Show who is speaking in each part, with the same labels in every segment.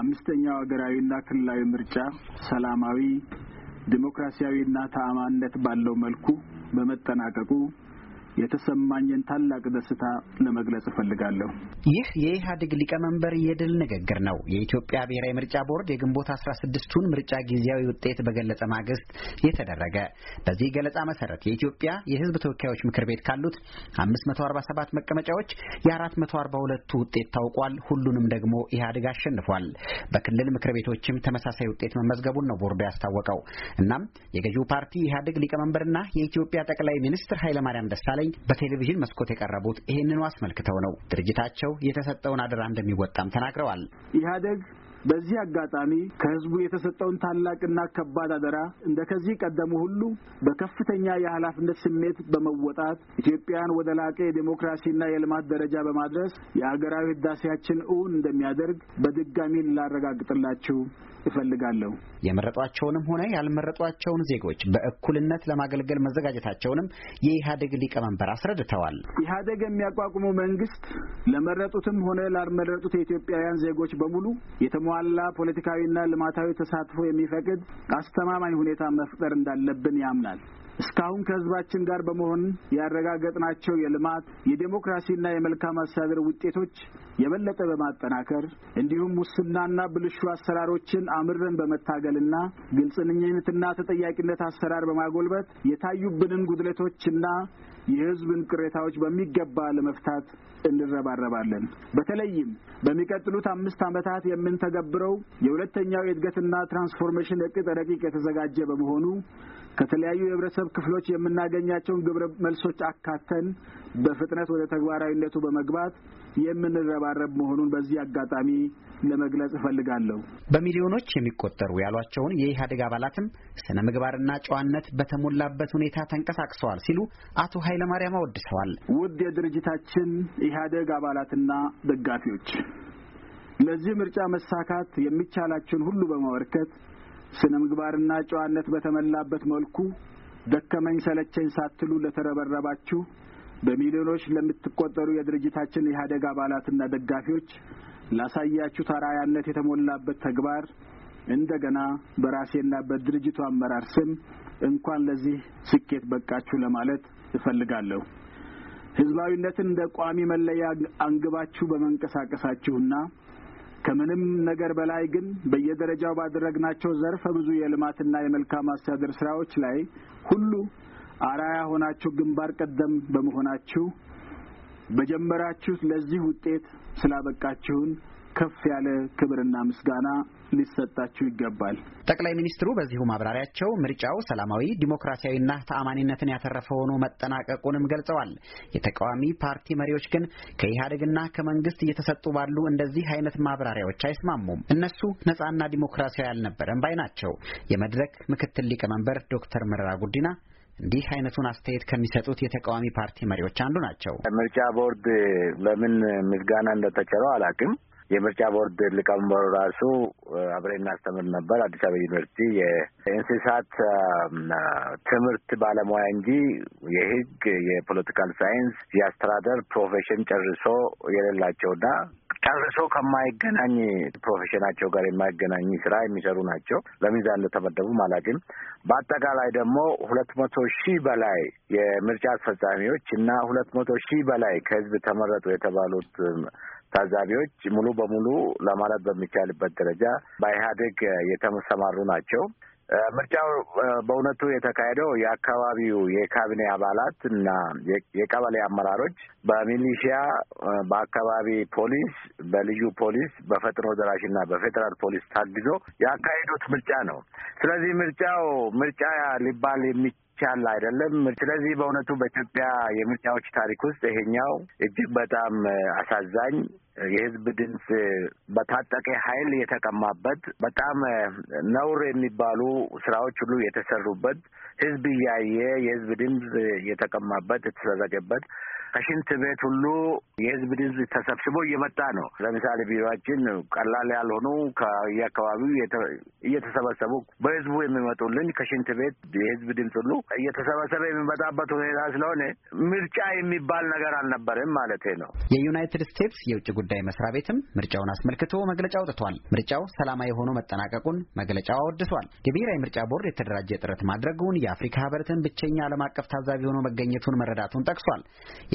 Speaker 1: አምስተኛው ሀገራዊና ክልላዊ ምርጫ ሰላማዊ ዲሞክራሲያዊና ተአማንነት ባለው መልኩ በመጠናቀቁ የተሰማኝን ታላቅ ደስታ ለመግለጽ እፈልጋለሁ።
Speaker 2: ይህ የኢህአዴግ ሊቀመንበር የድል ንግግር ነው። የኢትዮጵያ ብሔራዊ ምርጫ ቦርድ የግንቦት አስራ ስድስቱን ምርጫ ጊዜያዊ ውጤት በገለጸ ማግስት የተደረገ በዚህ ገለጻ መሰረት የኢትዮጵያ የህዝብ ተወካዮች ምክር ቤት ካሉት 547 መቀመጫዎች የ442ቱ ውጤት ታውቋል። ሁሉንም ደግሞ ኢህአዴግ አሸንፏል። በክልል ምክር ቤቶችም ተመሳሳይ ውጤት መመዝገቡን ነው ቦርዱ ያስታወቀው። እናም የገዢው ፓርቲ ኢህአዴግ ሊቀመንበርና የኢትዮጵያ ጠቅላይ ሚኒስትር ኃይለማርያም ደሳለኝ ዘጠኝ በቴሌቪዥን መስኮት የቀረቡት ይህንኑ አስመልክተው ነው። ድርጅታቸው የተሰጠውን አደራ እንደሚወጣም ተናግረዋል።
Speaker 1: ኢህአደግ በዚህ አጋጣሚ ከህዝቡ የተሰጠውን ታላቅና ከባድ አደራ እንደ ከዚህ ቀደሙ ሁሉ በከፍተኛ የኃላፊነት ስሜት በመወጣት ኢትዮጵያን ወደ ላቀ የዴሞክራሲና የልማት ደረጃ በማድረስ የሀገራዊ ህዳሴያችን እውን እንደሚያደርግ በድጋሚ ላረጋግጥላችሁ እፈልጋለሁ።
Speaker 2: የመረጧቸውንም ሆነ ያልመረጧቸውን ዜጎች በእኩልነት ለማገልገል መዘጋጀታቸውንም የኢህአዴግ ሊቀመንበር አስረድተዋል።
Speaker 1: ኢህአዴግ የሚያቋቁመው መንግስት ለመረጡትም ሆነ ላልመረጡት የኢትዮጵያውያን ዜጎች በሙሉ የተሟ የተሟላ ፖለቲካዊና ልማታዊ ተሳትፎ የሚፈቅድ አስተማማኝ ሁኔታ መፍጠር እንዳለብን ያምናል። እስካሁን ከህዝባችን ጋር በመሆን ያረጋገጥናቸው የልማት የዴሞክራሲና የመልካም አስተዳደር ውጤቶች የበለጠ በማጠናከር እንዲሁም ሙስናና ብልሹ አሰራሮችን አምረን በመታገልና ግልጽነትና ተጠያቂነት አሰራር በማጎልበት የታዩብንን ጉድለቶችና የህዝብን ቅሬታዎች በሚገባ ለመፍታት እንረባረባለን። በተለይም በሚቀጥሉት አምስት ዓመታት የምንተገብረው የሁለተኛው የእድገትና ትራንስፎርሜሽን እቅድ ረቂቅ የተዘጋጀ በመሆኑ ከተለያዩ የህብረተሰብ ክፍሎች የምናገኛቸውን ግብረ መልሶች አካተን በፍጥነት ወደ ተግባራዊነቱ በመግባት የምንረባረብ መሆኑን በዚህ አጋጣሚ ለመግለጽ
Speaker 2: እፈልጋለሁ። በሚሊዮኖች የሚቆጠሩ ያሏቸውን የኢህአዴግ አባላትም ስነ ምግባርና ጨዋነት በተሞላበት ሁኔታ ተንቀሳቅሰዋል ሲሉ አቶ ኃይለማርያም አወድሰዋል።
Speaker 1: ውድ የድርጅታችን ኢህአዴግ አባላትና ደጋፊዎች ለዚህ ምርጫ መሳካት የሚቻላችሁን ሁሉ በማበርከት ስነ ምግባርና ጨዋነት በተሞላበት መልኩ ደከመኝ ሰለቸኝ ሳትሉ ለተረበረባችሁ በሚሊዮኖች ለምትቆጠሩ የድርጅታችን ኢህአዴግ አባላትና ደጋፊዎች ላሳያችሁ ታራያነት የተሞላበት ተግባር እንደገና በራሴና በድርጅቱ አመራር ስም እንኳን ለዚህ ስኬት በቃችሁ ለማለት እፈልጋለሁ። ህዝባዊነትን እንደ ቋሚ መለያ አንግባችሁ በመንቀሳቀሳችሁና ከምንም ነገር በላይ ግን በየደረጃው ባደረግናቸው ዘርፈ ብዙ የልማትና የመልካም አስተዳደር ስራዎች ላይ ሁሉ አራያ ሆናችሁ ግንባር ቀደም በመሆናችሁ በጀመራችሁ ለዚህ ውጤት ስላበቃችሁን ከፍ ያለ ክብርና ምስጋና ሊሰጣቸው ይገባል።
Speaker 2: ጠቅላይ ሚኒስትሩ በዚሁ ማብራሪያቸው ምርጫው ሰላማዊ፣ ዲሞክራሲያዊና ተአማኒነትን ያተረፈ ሆኖ መጠናቀቁንም ገልጸዋል። የተቃዋሚ ፓርቲ መሪዎች ግን ከኢህአዴግና ከመንግስት እየተሰጡ ባሉ እንደዚህ አይነት ማብራሪያዎች አይስማሙም። እነሱ ነጻና ዲሞክራሲያዊ አልነበረም ባይ ናቸው። የመድረክ ምክትል ሊቀመንበር ዶክተር መረራ ጉዲና እንዲህ አይነቱን አስተያየት ከሚሰጡት የተቃዋሚ ፓርቲ መሪዎች አንዱ ናቸው።
Speaker 3: ምርጫ ቦርድ ለምን ምዝጋና እንደተቸረው አላውቅም። የምርጫ ቦርድ ሊቀመንበሩ ራሱ አብሬ እናስተምር ነበር አዲስ አበባ ዩኒቨርሲቲ የእንስሳት ትምህርት ባለሙያ እንጂ የህግ የፖለቲካል ሳይንስ የአስተዳደር ፕሮፌሽን ጨርሶ የሌላቸውና ጨርሶ ከማይገናኝ ፕሮፌሽናቸው ጋር የማይገናኝ ስራ የሚሰሩ ናቸው። ለሚዛን እንደተመደቡ አላውቅም። በአጠቃላይ ደግሞ ሁለት መቶ ሺህ በላይ የምርጫ አስፈጻሚዎች እና ሁለት መቶ ሺህ በላይ ከህዝብ ተመረጡ የተባሉት ታዛቢዎች ሙሉ በሙሉ ለማለት በሚቻልበት ደረጃ በኢህአዴግ የተሰማሩ ናቸው። ምርጫው በእውነቱ የተካሄደው የአካባቢው የካቢኔ አባላት እና የቀበሌ አመራሮች በሚሊሺያ፣ በአካባቢ ፖሊስ፣ በልዩ ፖሊስ፣ በፈጥኖ ደራሽ እና በፌዴራል ፖሊስ ታግዞ ያካሄዱት ምርጫ ነው። ስለዚህ ምርጫው ምርጫ ሊባል የሚ ያለ አይደለም። ስለዚህ በእውነቱ በኢትዮጵያ የምርጫዎች ታሪክ ውስጥ ይሄኛው እጅግ በጣም አሳዛኝ የህዝብ ድምፅ በታጠቀ ኃይል የተቀማበት በጣም ነውር የሚባሉ ስራዎች ሁሉ የተሰሩበት ህዝብ እያየ የህዝብ ድምፅ የተቀማበት የተሰረገበት ከሽንት ቤት ሁሉ የህዝብ ድምፅ ተሰብስቦ እየመጣ ነው። ለምሳሌ ቢሮችን ቀላል ያልሆኑ ከየአካባቢው እየተሰበሰቡ በህዝቡ የሚመጡልን ከሽንት ቤት የህዝብ ድምፅ ሁሉ እየተሰበሰበ የሚመጣበት ሁኔታ ስለሆነ ምርጫ የሚባል ነገር አልነበርም ማለት ነው።
Speaker 2: የዩናይትድ ስቴትስ የውጭ ጉዳይ መስሪያ ቤትም ምርጫውን አስመልክቶ መግለጫ አውጥቷል። ምርጫው ሰላማዊ ሆኖ መጠናቀቁን መግለጫው አወድሷል። የብሔራዊ ምርጫ ቦርድ የተደራጀ ጥረት ማድረጉን፣ የአፍሪካ ህብረትን ብቸኛ ዓለም አቀፍ ታዛቢ ሆኖ መገኘቱን መረዳቱን ጠቅሷል።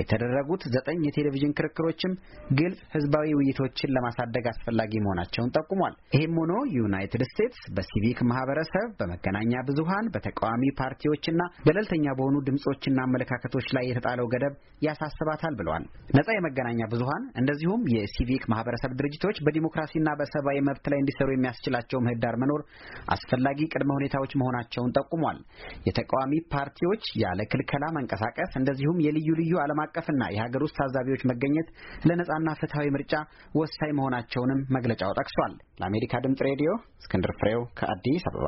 Speaker 2: የተደረጉት ዘጠኝ የቴሌቪዥን ክርክሮችም ግልጽ ህዝባዊ ውይይቶችን ለማሳደግ አስፈላጊ መሆናቸውን ጠቁሟል። ይህም ሆኖ ዩናይትድ ስቴትስ በሲቪክ ማህበረሰብ፣ በመገናኛ ብዙሃን፣ በተቃዋሚ ፓርቲዎችና ገለልተኛ በሆኑ ድምጾችና አመለካከቶች ላይ የተጣለው ገደብ ያሳስባታል ብለዋል። ነጻ የመገናኛ ብዙሃን እንደዚሁም የሲቪክ ማህበረሰብ ድርጅቶች በዲሞክራሲና በሰብአዊ መብት ላይ እንዲሰሩ የሚያስችላቸው ምህዳር መኖር አስፈላጊ ቅድመ ሁኔታዎች መሆናቸውን ጠቁሟል። የተቃዋሚ ፓርቲዎች ያለ ክልከላ መንቀሳቀስ እንደዚሁም የልዩ ልዩ ዓለም አቀፍና የሀገር ውስጥ ታዛቢዎች መገኘት ለነጻና ፍትሐዊ ምርጫ ወሳኝ መሆናቸውንም መግለጫው ጠቅሷል። ለአሜሪካ ድምጽ ሬዲዮ እስክንድር ፍሬው ከአዲስ አበባ